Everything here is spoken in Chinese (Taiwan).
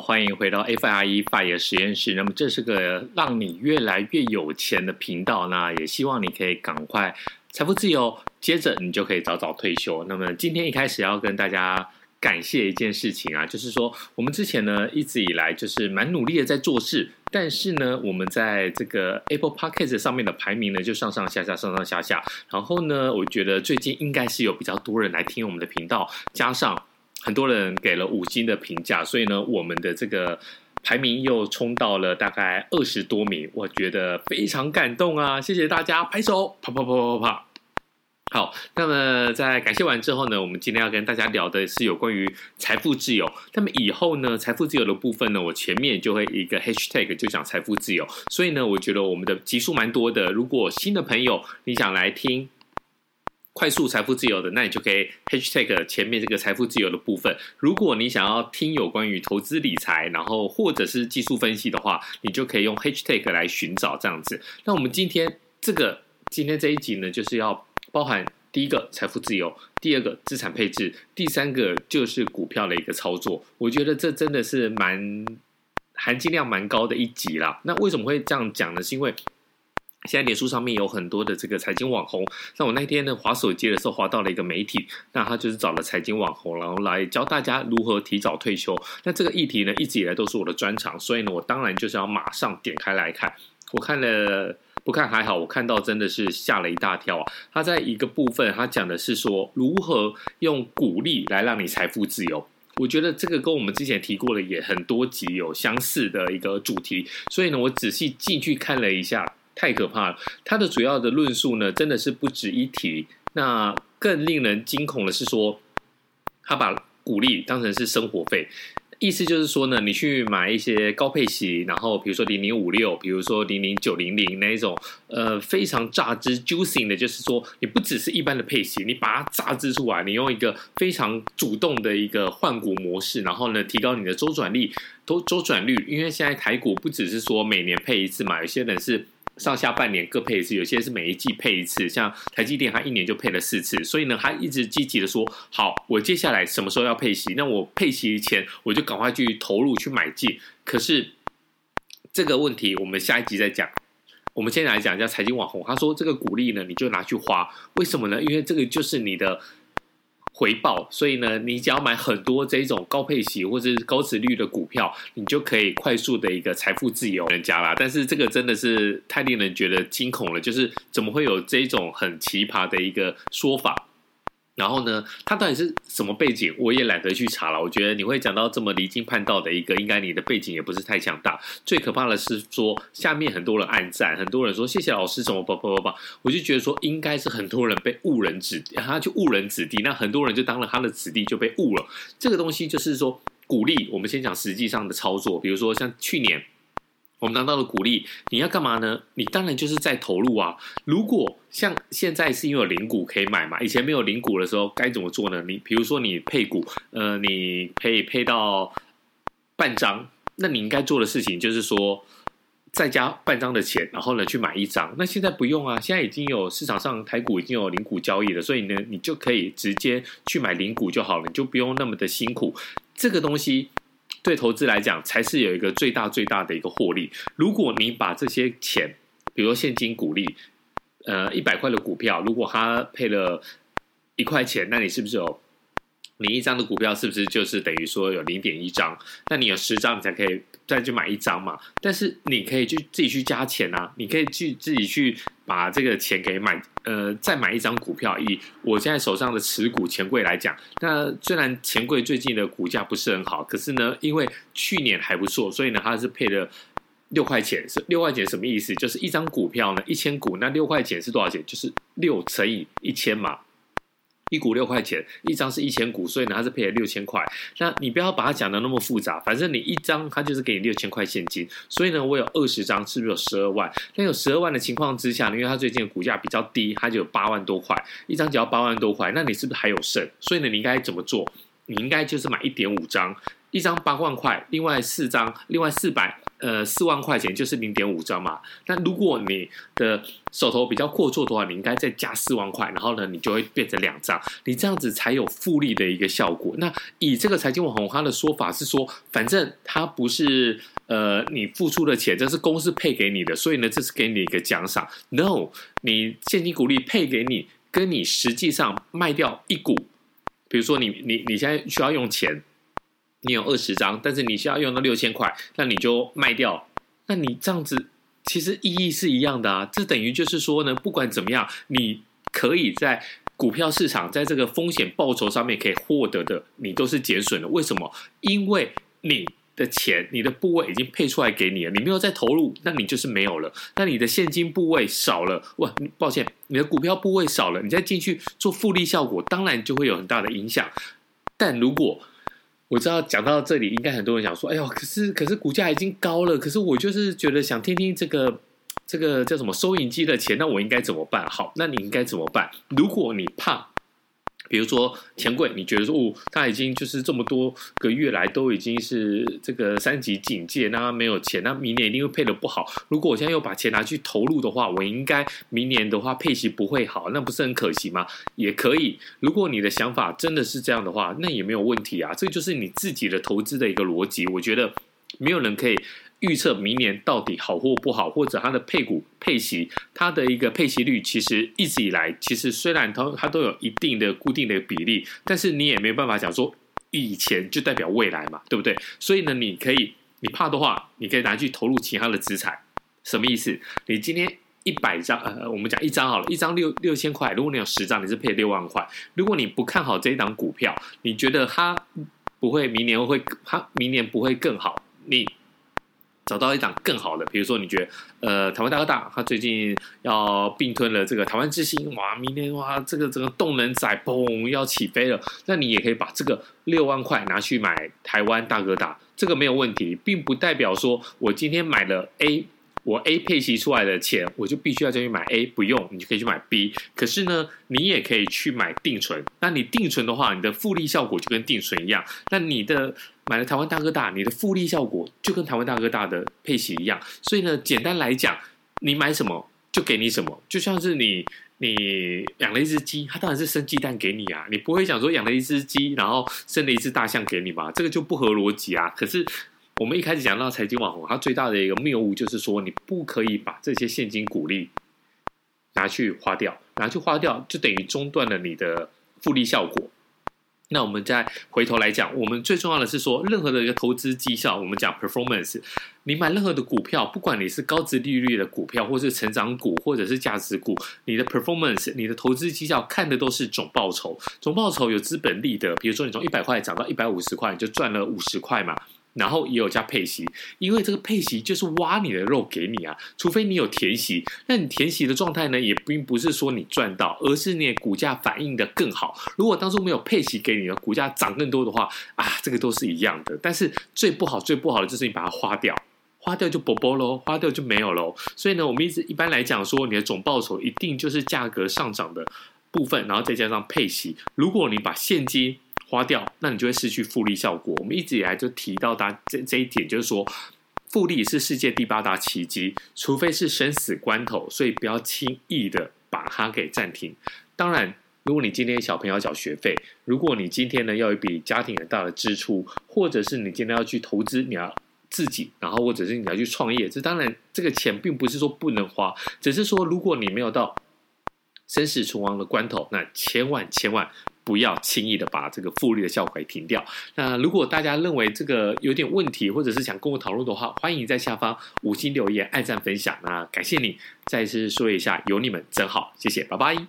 歡迎回到 FIRE 發言實驗室。那麼，這是個讓你越來越有錢的頻道。那也希望你可以趕快財富自由，接着你就可以早早退休。那麼，今天一開始要跟大家感謝一件事情啊，就是說我們之前呢一直以來就是蠻努力的在做事，但是呢，我們在這個 Apple Podcast 上面的排名呢就上上下下上上下下。然後呢，我覺得最近應該是有比較多人來聽我們的頻道，加上。很多人給了五星的評價，所以呢，我們的這個排名又衝到了大概二十多名，我覺得非常感動啊！謝謝大家，拍手啪啪啪啪啪。好，那麼在感謝完之後呢，我們今天要跟大家聊的是有關於財富自由。那麼以後呢，財富自由的部分呢，我前面就會一個 hashtag 就講財富自由。所以呢，我覺得我們的集數蠻多的。如果新的朋友你想來聽。快速財富自由的，那你就可以 hashtag 前面這個財富自由的部分。如果你想要聽有關於投資理財，然後或者是技術分析的話，你就可以用 hashtag 來尋找這樣子。那我們今天這個今天這一集呢，就是要包含第一個財富自由，第二個資產配置，第三個就是股票的一個操作。我覺得這真的是蠻含金量蠻高的一集啦。那為什麼會這樣講呢？是因為現在，臉書上面有很多的這個財經網紅。那我那天呢，滑手機的時候，滑到了一個媒體，那他就是找了財經網紅，然後來教大家如何提早退休。那這個議題呢，一直以來都是我的專長，所以呢，我當然就是要馬上點開來看。我看了不看還好，我看到真的是嚇了一大跳啊！他在一個部分，他講的是說如何用股利來讓你財富自由。我覺得這個跟我們之前提過的也很多集有相似的一個主題，所以呢，我仔細進去看了一下。太可怕了！他的主要的論述呢，真的是不值一提。那更令人驚恐的是說，他把股利當成是生活費，意思就是說呢，你去買一些高配息，然後比如說零零五六，比如說零零九零零那一種，呃，非常榨汁 juicing 的，就是說你不只是一般的配息，你把它榨汁出來，你用一個非常主動的一個換股模式，然後呢，提高你的周轉率，都周轉率，因為現在台股不只是說每年配一次嘛，有些人是。上下半年各配一次，有些是每一季配一次，像台積電，他一年就配了四次，所以呢，他一直積極地說，好，我接下來什麼時候要配息，那我配息前，我就趕快去投入去買進。可是這個問題，我們下一集再講。我們先來講一下財經網紅，他說這個股利呢，你就拿去花，為什麼呢？因為這個就是你的。回報，所以呢，你只要買很多這種高配息或者是高殖率的股票，你就可以快速的一個財富自由人家啦，但是這個真的是太令人覺得驚恐了，就是怎麼會有這種很奇葩的一個說法？然後呢，他到底是什麼背景？我也懶得去查了。我覺得你會講到這麼離經叛道的一個，應該你的背景也不是太強大。最可怕的是說，下面很多人按讚，很多人說謝謝老師，什麼吧吧吧吧。我就覺得說，應該是很多人被誤人子弟，他就誤人子弟。那很多人就當了他的子弟，就被誤了。這個東西就是說，鼓勵我們先講實際上的操作，比如說像去年。我們拿到的股利，你要幹嘛呢？你當然就是在投入啊。如果像現在是因為有零股可以買嘛，以前沒有零股的時候，該怎麼做呢？你譬如說你配股，呃，你可以配到半張，那你應該做的事情就是說再加半張的錢，然後呢去買一張。那現在不用啊，現在已經有市場上台股已經有零股交易了，所以呢，你就可以直接去買零股就好了，你就不用那麼的辛苦。這個東西。對投資來講，才是有一個最大最大的一個獲利。如果你把這些錢，比如說現金股利，呃，一百塊的股票，如果他配了一塊錢，那你是不是有？你一張的股票是不是就是等於說有零點一張？那你有十張，你才可以再去買一張嘛？但是你可以去自己去加錢啊，你可以去自己去把這個錢給買，呃，再買一張股票。以我現在手上的持股錢櫃來講，那雖然錢櫃最近的股價不是很好，可是呢，因為去年還不錯，所以呢，它是配的六塊錢。是六塊錢什麼意思？就是一張股票呢，一千股，那六塊錢是多少錢？就是六乘以一千嘛。一股六塊錢，一張是一千股，所以呢，它是配了六千塊。那你不要把它講的那麼複雜，反正你一張它就是給你六千塊現金，所以呢，我有二十張，是不是有十二萬？那有十二萬的情況之下呢，因為它最近的股價比較低，它就有八萬多塊，一張只要八萬多塊，那你是不是還有剩？所以呢，你應該怎麼做？你應該就是買一點五張，一張八萬塊，另外四張，另外四百呃四萬塊錢就是零點五張嘛。那如果你的手頭比較闊綽的話，你應該再加四萬塊，然後呢你就會變成兩張，你這樣子才有複利的一個效果。那以這個財經網紅他的說法是說，反正他不是呃你付出的錢，這是公司配給你的，所以呢這是給你一個獎賞。No，你現金股利配給你，跟你實際上賣掉一股。比如說你，你你你現在需要用錢，你有二十張，但是你需要用到六千塊，那你就賣掉。那你這樣子其實意義是一樣的啊，這等於就是說呢，不管怎麼樣，你可以在股票市場在這個風險報酬上面可以獲得的，你都是減損的。為什麼？因為你。的錢，你的部位已經配出來給你了，你沒有再投入，那你就是沒有了。那你的現金部位少了，哇，你抱歉，你的股票部位少了，你再進去做複利效果，當然就會有很大的影響。但如果我知道講到這裡，應該很多人想說，哎呦，可是可是股價已經高了，可是我就是覺得想聽聽這個這個叫什麼收銀機的錢，那我應該怎麼辦？好，那你應該怎麼辦？如果你怕。比如說錢櫃，你覺得說，哦，他已經就是這麼多個月來都已經是這個三級警戒，那他沒有錢，那明年一定會配得不好。如果我現在又把錢拿去投入的話，我應該明年的話配息不會好，那不是很可惜嗎？也可以，如果你的想法真的是這樣的話，那也沒有問題啊，這就是你自己的投資的一個邏輯。我覺得沒有人可以。預測明年到底好或不好，或者它的配股配息，它的一個配息率，其實一直以來，其實雖然它它都有一定的固定的比例，但是你也沒有辦法講說以前就代表未來嘛，對不對？所以呢，你可以，你怕的話，你可以拿去投入其他的資產。什麼意思？你今天一百張，呃，我們講一張好了，一張六六千塊，如果你有十張，你是配六萬塊。如果你不看好這一檔股票，你覺得它不會明年會，它明年不會更好，你。找到一檔更好的，比如說你覺得，呃，台灣大哥大，他最近要併吞了這個台灣之星，哇，明天哇，這個這個動能仔，嘣，要起飛了，那你也可以把這個六萬塊拿去買台灣大哥大，這個沒有問題，並不代表說我今天買了 A。我 A 配息出來的錢，我就必須要再去買 A，不用，你就可以去買 B。可是呢，你也可以去買定存。那你定存的話，你的複利效果就跟定存一樣。那你的買了台灣大哥大，你的複利效果就跟台灣大哥大的配息一樣。所以呢，簡單來講，你買什麼就給你什麼，就像是你你養了一只雞，它當然是生雞蛋給你啊。你不會想說養了一只雞，然後生了一只大象給你吧？這個就不合邏輯啊。可是。我們一開始講到財經網紅，它最大的一個謬誤就是說，你不可以把這些現金股利拿去花掉，拿去花掉就等於中斷了你的複利效果。那我們再回頭來講，我們最重要的是說，任何的一個投資績效，我們講 performance，你買任何的股票，不管你是高殖利率的股票，或是成長股，或者是價值股，你的 performance，你的投資績效看的都是總報酬。總報酬有資本利得，比如說你從一百塊漲到一百五十塊，你就賺了五十塊嘛。然後也有加配息，因為這個配息就是挖你的肉給你啊，除非你有填息，那你填息的狀態呢，也並不是說你賺到，而是你的股價反應的更好。如果當初沒有配息給你的，股價漲更多的話，啊，這個都是一樣的。但是最不好、最不好的就是你把它花掉，花掉就剝剝咯，花掉就沒有咯。所以呢，我們一直一般來講說，你的總報酬一定就是價格上漲的部分，然後再加上配息。如果你把現金花掉，那你就會失去複利效果。我們一直以來就提到大家這這一點，就是說，複利是世界第八大奇蹟，除非是生死關頭，所以不要輕易的把它給暫停。當然，如果你今天小朋友繳學費，如果你今天呢要一筆家庭很大的支出，或者是你今天要去投資，你要自己，然後或者是你要去創業，這當然這個錢並不是說不能花，只是說如果你沒有到生死存亡的關頭，那千萬千萬。不要輕易的把這個複利的效果給停掉。那如果大家認為這個有點問題，或者是想跟我討論的話，歡迎在下方五星留言、按讚、分享。那感謝你，再次說一下，有你們真好，謝謝，拜拜。